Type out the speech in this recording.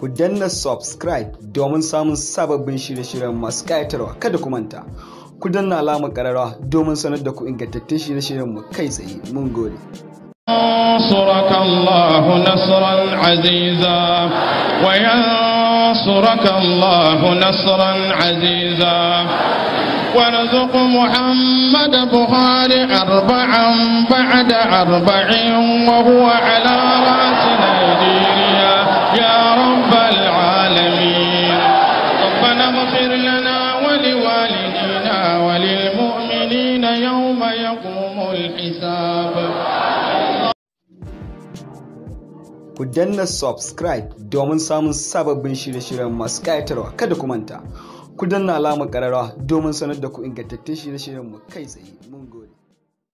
ku danna subscribe domin samun sababbin shirye-shiryen masu ƙayatarwa kada ku manta ku danna alama ƙararrawa domin sanar da ku ingantattun shirye-shiryen mu kai tsaye mun gode ينصرك الله نصرا عزيزا وينصرك الله نصرا عزيزا وارزق محمد بخاري أربعا بعد أربعين وهو على رأسه للمؤمنين وللمؤمنين يوم يقوم الحساب Ku danna subscribe domin samun sababbin shirye-shiryen masu ƙayatarwa kada ku manta. Ku danna alamar ƙararrawa domin sanar da ku ingantattun shirye-shiryen mu kai tsaye. Mun gode.